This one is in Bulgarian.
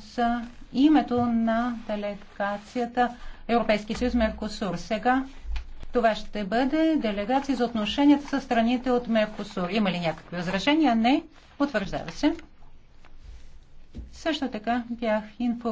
С името на делегацията Европейски съюз Меркосур. Сега това ще бъде делегация за отношенията с страните от Меркосур. Има ли някакви възражения? Не. Утвърждава се. Също така бях информиран.